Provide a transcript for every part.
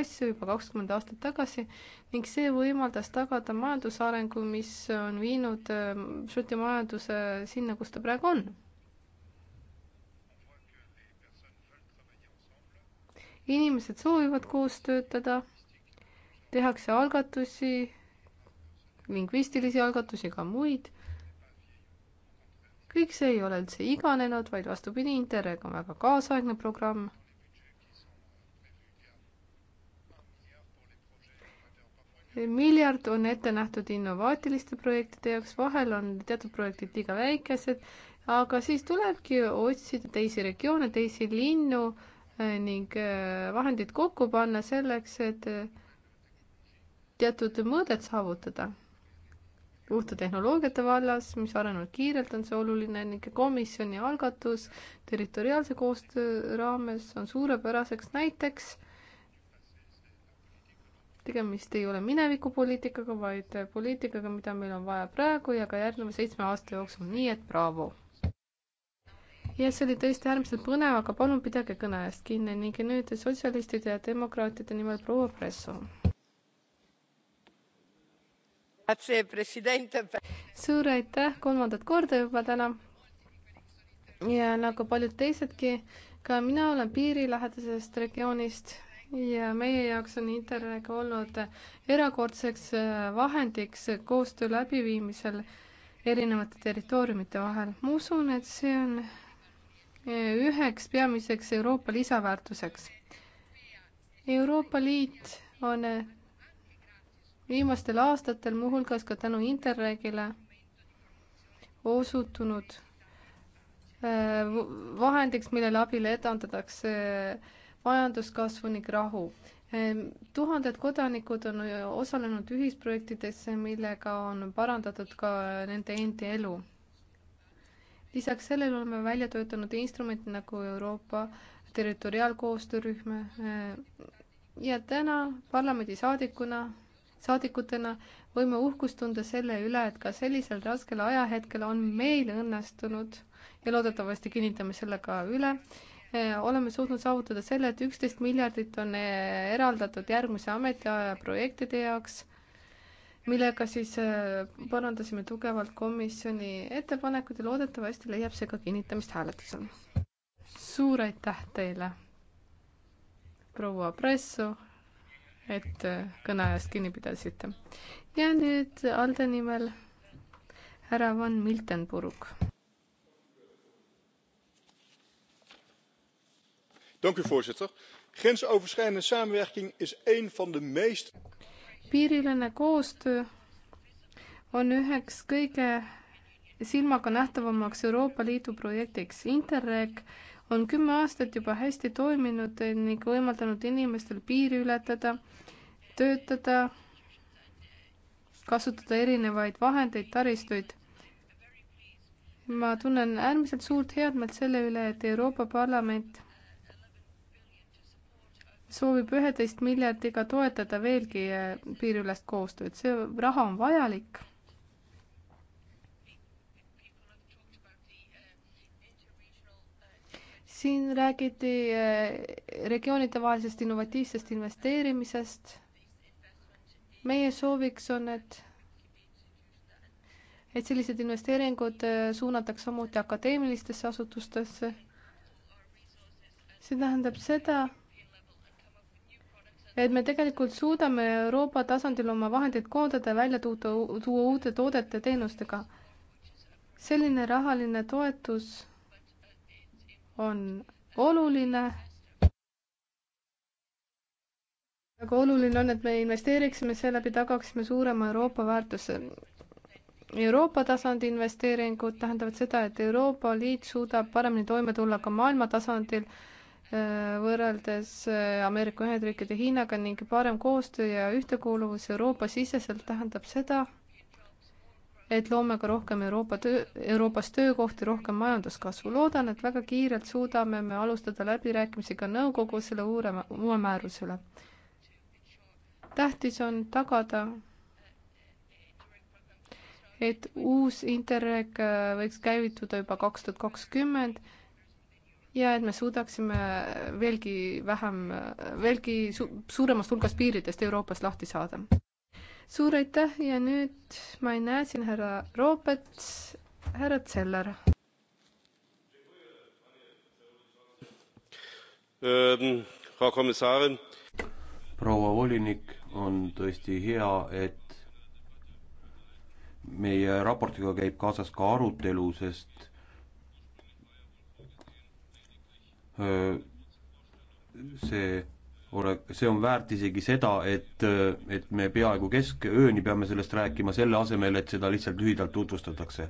asju juba kakskümmend aastat tagasi ning see võimaldas tagada majandusarengu, mis on viinud ähm, Šoti majanduse sinna, kus ta praegu on. inimesed soovivad koos töötada, tehakse algatusi, lingvistilisi algatusi, ka muid. kõik see ei ole üldse iganenud, vaid vastupidi, Interreg on väga kaasaegne programm miljard on ette nähtud innovaatiliste projektide jaoks, vahel on teatud projektid liiga väikesed, aga siis tulebki otsida teisi regioone, teisi linnu eh, ning eh, vahendid kokku panna selleks, et eh, teatud mõõdet saavutada. uute tehnoloogiate vallas, mis arenenud kiirelt, on see oluline ning komisjoni algatus territoriaalse koostöö raames on suurepäraseks näiteks äh, tegemist ei ole minevikupoliitikaga, vaid poliitikaga, mida meil on vaja praegu ja ka järgneva seitsme aasta jooksul, nii et braavo! ja see oli tõesti äärmiselt põnev, aga palun pidage kõne eest kinni ning nüüd sotsialistide ja demokraatide nimel proua Presso. suur aitäh kolmandat korda juba täna. ja nagu paljud teisedki, ka mina olen piirilähedasest regioonist ja meie jaoks on Interreg olnud erakordseks äh, vahendiks koostöö läbiviimisel erinevate territooriumite vahel. ma usun, et see on äh, üheks peamiseks Euroopa lisaväärtuseks. Euroopa Liit on äh, viimastel aastatel, muuhulgas ka tänu Interregile, osutunud vahendiks, millele abil edendatakse majanduskasvu ning rahu. Ehm, tuhanded kodanikud on osalenud ühisprojektides, millega on parandatud ka nende endi elu. lisaks sellele oleme välja töötanud instrumenti nagu Euroopa territoriaalkoostöörühm ehm, ja täna parlamendisaadikuna saadikutena võime uhkust tunda selle üle, et ka sellisel raskel ajahetkel on meil õnnestunud ja loodetavasti kinnitame selle ka üle, Äh, oleme suutnud saavutada selle, et üksteist miljardit on äh, eraldatud järgmise ametiaja projektide jaoks, millega siis äh, parandasime tugevalt komisjoni ettepanekut ja loodetavasti leiab see ka kinnitamist hääletusel. suur aitäh teile, proua Presso, et kõneajast kinni pidasite. ja nüüd Alde nimel härra Van Miltenburg voorzitter grensoverschrijdende samenwerking is een van de meest. piiriülene koostöö on üheks kõige silmaganähtavamaks euroopa liidu projektiks interreg on kümme aastat juba hästi toiminud ning võimaldanud inimestel piiri ületada töötada kasutada erinevaid vahendeid taristuid ma tunnen äärmiselt suurt heameelt selle üle et euroopa parlament soovib üheteist miljardiga toetada veelgi eh, piiriülest koostööd, see raha on vajalik. siin räägiti eh, regioonidevahelisest innovatiivsest investeerimisest. meie sooviks on, et et sellised investeeringud eh, suunatakse samuti akadeemilistesse asutustesse. see tähendab seda, et me tegelikult suudame Euroopa tasandil oma vahendeid koondada ja välja tuua, tuua uute toodete ja teenustega. selline rahaline toetus on oluline. aga oluline on, et me investeeriksime, seeläbi tagaksime suurema Euroopa väärtuse. Euroopa tasandi investeeringud tähendavad seda, et Euroopa Liit suudab paremini toime tulla ka maailma tasandil võrreldes äh, Ameerika Ühendriikide Hiinaga ning parem koostöö ja ühtekuuluvus Euroopa-siseselt tähendab seda, et loome ka rohkem Euroopa töö, Euroopas töökohti, rohkem majanduskasvu. loodan, et väga kiirelt suudame me alustada läbirääkimisi ka nõukogu selle uue, uue määruse üle. tähtis on tagada, et uus Interreg äh, võiks käivituda juba kaks tuhat kakskümmend ja et me suudaksime veelgi vähem, veelgi su-, suuremast hulgast piiridest Euroopas lahti saada. suur aitäh ja nüüd ma ei näe siin härra Roopet, härra Zeller. Ähm, proua volinik, on tõesti hea, et meie raportiga käib kaasas ka arutelu, sest see ole, see on väärt isegi seda, et, et me peaaegu keskööni peame sellest rääkima, selle asemel, et seda lihtsalt lühidalt tutvustatakse.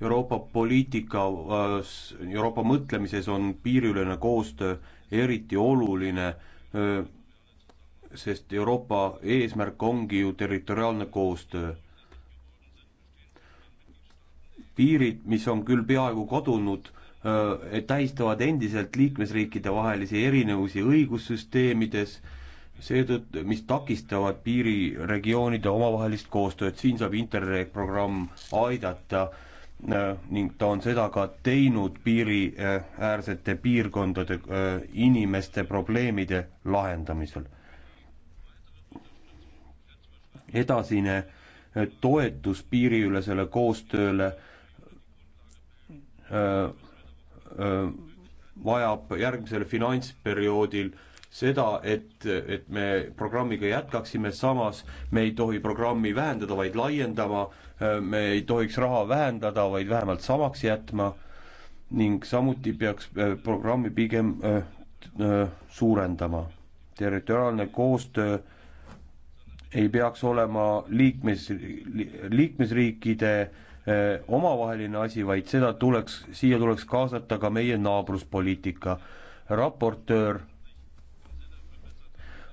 Euroopa poliitikas, Euroopa mõtlemises on piiriülene koostöö eriti oluline, sest Euroopa eesmärk ongi ju territoriaalne koostöö piirid, mis on küll peaaegu kadunud, tähistavad endiselt liikmesriikide vahelisi erinevusi õigussüsteemides, seetõttu, mis takistavad piiriregioonide omavahelist koostööd, siin saab Interreg programm aidata ning ta on seda ka teinud piiriäärsete piirkondade inimeste probleemide lahendamisel. edasine toetus piiriülesele koostööle Äh, äh, vajab järgmisel finantsperioodil seda, et, et me programmiga jätkaksime, samas me ei tohi programmi vähendada, vaid laiendama, äh, me ei tohiks raha vähendada, vaid vähemalt samaks jätma ning samuti peaks programmi pigem öö, öö, suurendama. territoriaalne koostöö ei peaks olema liikmes, liikmesriikide öö, Eh, omavaheline asi, vaid seda tuleks, siia tuleks kaasata ka meie naabruspoliitika. raportöör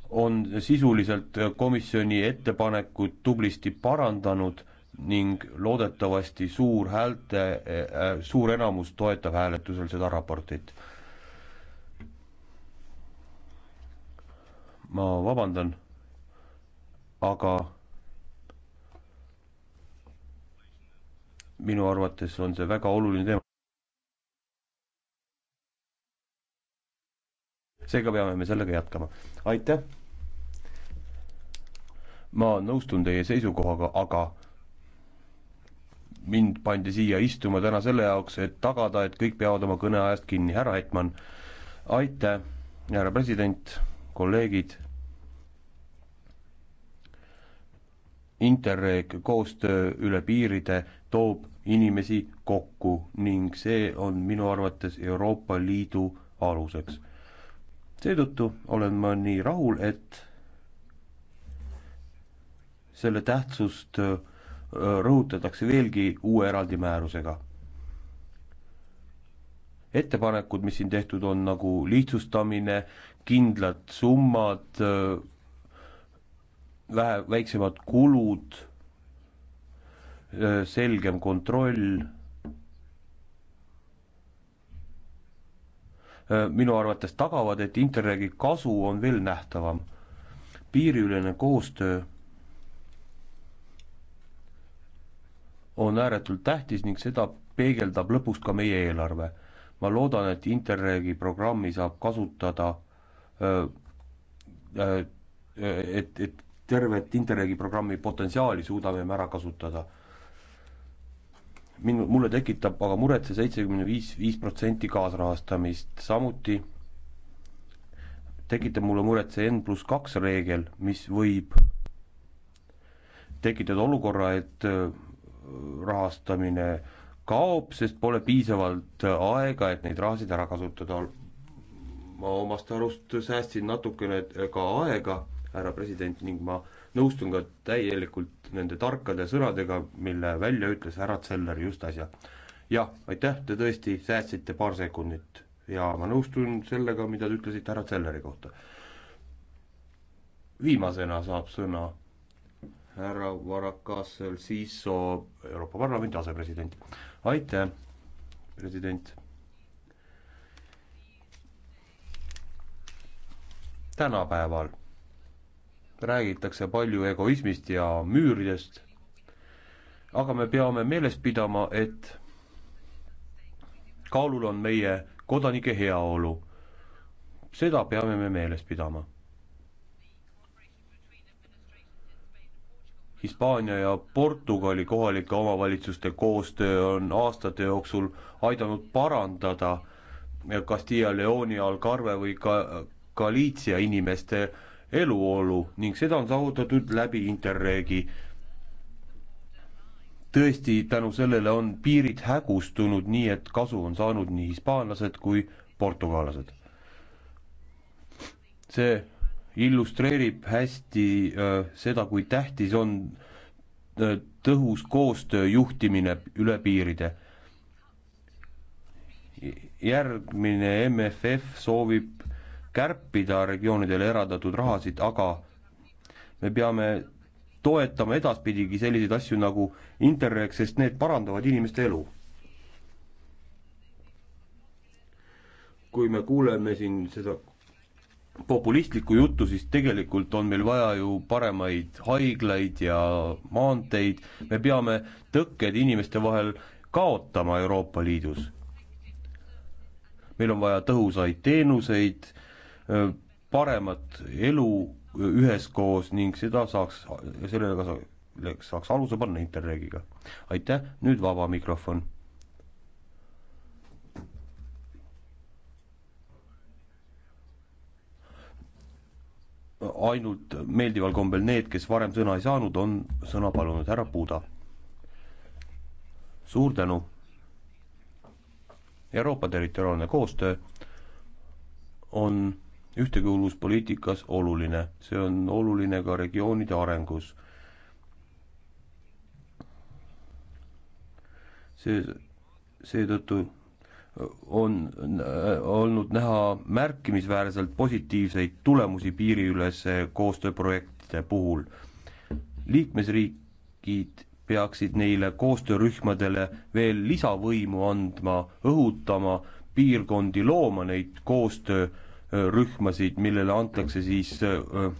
on sisuliselt komisjoni ettepanekut tublisti parandanud ning loodetavasti suur häälte, eh, suur enamus toetab hääletusel seda raportit. ma vabandan, aga minu arvates on see väga oluline teema. seega peame me sellega jätkama. aitäh! ma nõustun teie seisukohaga, aga mind pandi siia istuma täna selle jaoks, et tagada, et kõik peavad oma kõneajast kinni. härra Hetman, aitäh, härra president, kolleegid. Interreg koostöö üle piiride toob inimesi kokku ning see on minu arvates Euroopa Liidu aluseks. seetõttu olen ma nii rahul, et selle tähtsust äh, rõhutatakse veelgi uue eraldi määrusega. ettepanekud, mis siin tehtud on, nagu lihtsustamine, kindlad summad, äh, vähe, väiksemad kulud selgem kontroll. minu arvates tagavad, et Interregi kasu on veel nähtavam. piiriülene koostöö on ääretult tähtis ning seda peegeldab lõpuks ka meie eelarve. ma loodan, et Interregi programmi saab kasutada, et, et tervet Interregi programmi potentsiaali suudame me ära kasutada minu, mulle tekitab aga muret see seitsekümmend viis, viis protsenti kaasrahastamist, samuti tekitab mulle muret see N pluss kaks reegel, mis võib tekitada olukorra, et äh, rahastamine kaob, sest pole piisavalt äh, aega, et neid rahasid ära kasutada. ma omast arust säästsin natukene äh, ka aega, härra president, ning ma äh, nõustun ka täielikult nende tarkade sõnadega, mille välja ütles härra Zeller just äsja. jah, aitäh, te tõesti säästsite paar sekundit ja ma nõustun sellega, mida te ütlesite härra Zelleri kohta. viimasena saab sõna härra Varakassel Siiso, Euroopa Parlamendi asepresident. aitäh, president. tänapäeval räägitakse palju egoismist ja müüridest, aga me peame meeles pidama, et kaalul on meie kodanike heaolu. seda peame me meeles pidama. Hispaania ja Portugali kohalike omavalitsuste koostöö on aastate jooksul aidanud parandada Castilla Leoni, Algarve või ka Galiitsia inimeste eluolu ning seda on saavutatud läbi Interregi. tõesti, tänu sellele on piirid hägustunud, nii et kasu on saanud nii hispaanlased kui portugallased. see illustreerib hästi öö, äh, seda, kui tähtis on öö, äh, tõhus koostöö juhtimine üle piiride. järgmine MFF soovib kärpida regioonidele eraldatud rahasid, aga me peame toetama edaspidigi selliseid asju nagu Interreg, sest need parandavad inimeste elu. kui me kuuleme siin seda populistlikku juttu, siis tegelikult on meil vaja ju paremaid haiglaid ja maanteid, me peame tõkked inimeste vahel kaotama Euroopa Liidus. meil on vaja tõhusaid teenuseid Äh, paremat elu äh, üheskoos ning seda saaks, sellega saaks aluse panna Interregiga. aitäh, nüüd vaba mikrofon. ainult meeldival kombel need, kes varem sõna ei saanud, on sõna palunud, härra Puda. suur tänu. Euroopa territoriaalne koostöö on ühtekuuluvuspoliitikas oluline, see on oluline ka regioonide arengus. see, seetõttu on äh, olnud näha märkimisväärselt positiivseid tulemusi piiriülese koostööprojektide puhul. liikmesriigid peaksid neile koostöörühmadele veel lisavõimu andma, õhutama piirkondi, looma neid koostöö rühmasid, millele antakse siis äh,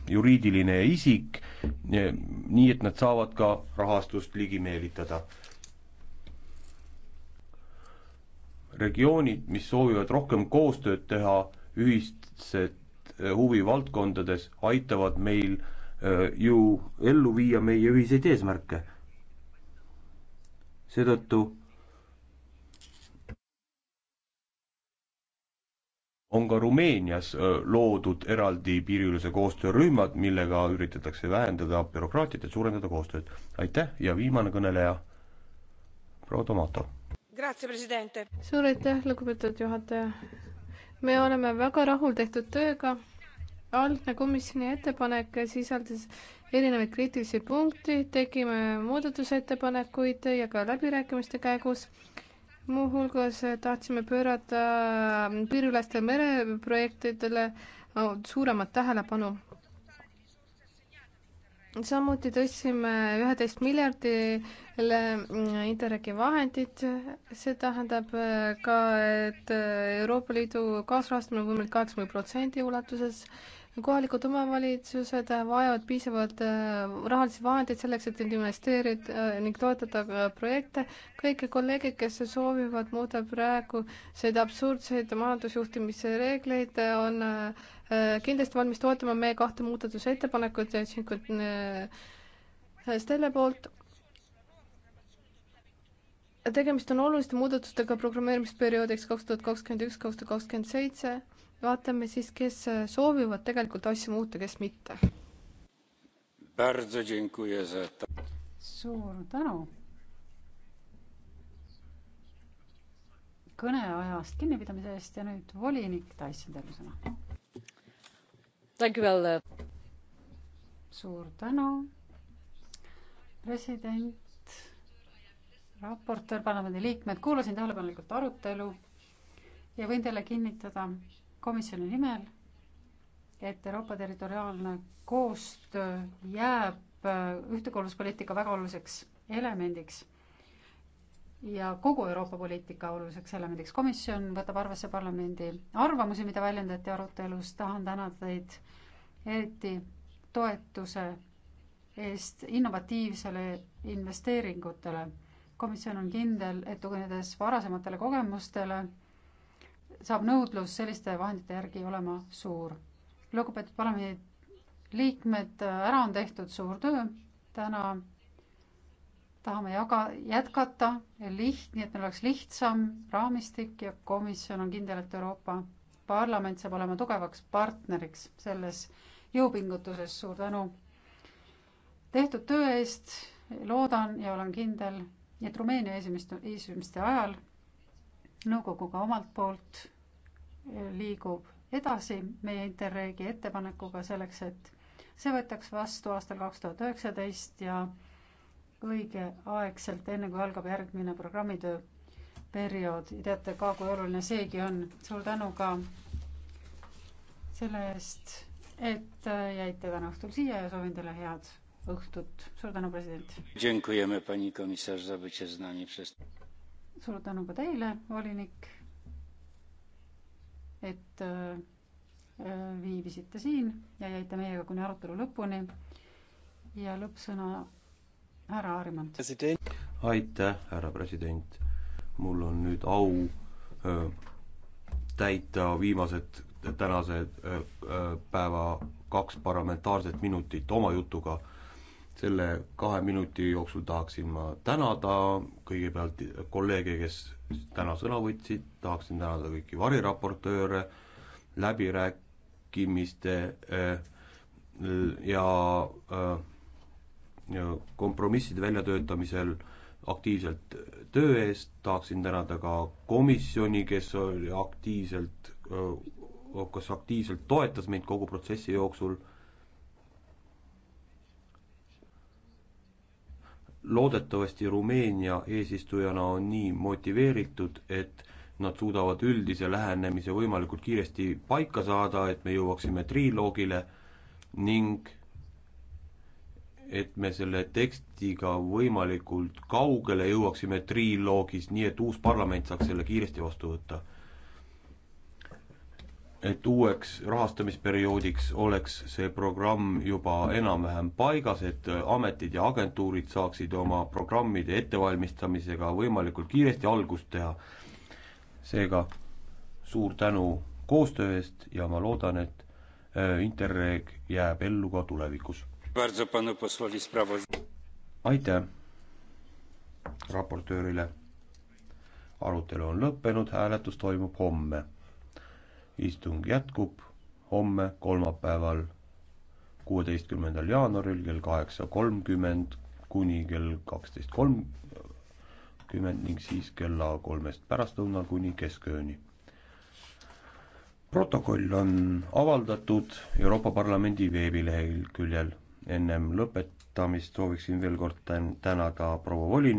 juriidiline isik, äh, nii et nad saavad ka rahastust ligi meelitada. regioonid, mis soovivad rohkem koostööd teha ühistes äh, huvivaldkondades, aitavad meil ju ellu viia meie ühiseid eesmärke. seetõttu on ka Rumeenias loodud eraldi piiriülese koostöörühmad, millega üritatakse vähendada bürokraatiat ja suurendada koostööd. aitäh ja viimane kõneleja, proua Tomato. suur aitäh, lugupeetud juhataja. me oleme väga rahul tehtud tööga. algne komisjoni ettepanek sisaldas erinevaid kriitilisi punkti, tegime muudatusettepanekuid ja ka läbirääkimiste käigus muuhulgas tahtsime pöörata piiriüleste mereprojektidele suuremat tähelepanu. samuti tõstsime üheteist miljardile Interregi vahendid, see tähendab ka, et Euroopa Liidu kaasrahastamine on võimalik kaheksakümne protsendi ulatuses kohalikud omavalitsused vajavad piisavalt äh, rahalisi vahendeid selleks, et investeerida äh, ning toetada äh, projekte. kõik kolleegid, kes soovivad muuta praegu seda absurdseid majandusjuhtimise reegleid, on kindlasti valmis toetama meie kahte muudatusettepanekut Stelle poolt. tegemist on oluliste muudatustega programmeerimisperioodiks kaks tuhat kakskümmend üks, kaks tuhat kakskümmend seitse vaatame siis, kes äh, soovivad tegelikult asju muuta, kes mitte. suur tänu. kõneajast kinnipidamise eest ja nüüd volinik Tyson, teile sõna. Uh, suur tänu, president, raportöör, parlamendiliikmed, kuulasin tähelepanelikult arutelu ja võin teile kinnitada, komisjoni nimel, et Euroopa territoriaalne koostöö jääb äh, ühtekuuluvuspoliitika väga oluliseks elemendiks ja kogu Euroopa poliitika oluliseks elemendiks. komisjon võtab arvesse parlamendi arvamusi, mida väljendati arutelus, tahan tänada teid eriti toetuse eest innovatiivsele investeeringutele. komisjon on kindel, et tuginedes varasematele kogemustele saab nõudlus selliste vahendite järgi olema suur. lugupeetud parlamendi liikmed, ära on tehtud suur töö, täna tahame jaga, jätkata ja liht-, nii et meil oleks lihtsam raamistik ja komisjon on kindel, et Euroopa Parlament saab olema tugevaks partneriks selles jõupingutuses, suur tänu tehtud töö eest, loodan ja olen kindel, et Rumeenia esimest, esimeste ajal nõukoguga omalt poolt eh, liigub edasi meie Interregi ettepanekuga selleks, et see võetaks vastu aastal kaks tuhat üheksateist ja õigeaegselt, enne kui algab järgmine programmitöö periood. teate ka, kui oluline seegi on. suur tänu ka selle eest, et eh, jäite täna õhtul siia ja soovin teile head õhtut. suur tänu, president suur tänu ka teile, volinik, et äh, äh, viibisite siin ja jäite meiega kuni arutelu lõpuni. ja lõppsõna härra Arimant. aitäh, härra president. mul on nüüd au öö, äh, täita viimased tänase öö, päeva kaks parlamentaarset minutit oma jutuga selle kahe minuti jooksul tahaksin ma tänada kõigepealt kolleege, kes täna sõna võtsid, tahaksin tänada kõiki variraportööre, läbirääkimiste äh, ja, äh, ja kompromisside väljatöötamisel aktiivselt töö eest, tahaksin tänada ka komisjoni, kes oli aktiivselt, äh, kas aktiivselt toetas meid kogu protsessi jooksul loodetavasti Rumeenia eesistujana on nii motiveeritud, et nad suudavad üldise lähenemise võimalikult kiiresti paika saada, et me jõuaksime triloogile ning et me selle tekstiga võimalikult kaugele jõuaksime triloogis, nii et uus parlament saaks selle kiiresti vastu võtta et uueks rahastamisperioodiks oleks see programm juba enam-vähem paigas, et ametid ja agentuurid saaksid oma programmide ettevalmistamisega võimalikult kiiresti algust teha. seega suur tänu koostöö eest ja ma loodan, et äh, Interreg jääb ellu ka tulevikus. aitäh raportöörile. arutelu on lõppenud, hääletus toimub homme istung jätkub homme, kolmapäeval, kuueteistkümnendal jaanuaril kell kaheksa kolmkümmend kuni kell kaksteist kolmkümmend ning siis kella kolmest pärastlõunal kuni keskööni. protokoll on avaldatud Euroopa Parlamendi veebileheküljel. ennem lõpetamist sooviksin veel kord tän-, tänada proua volinikku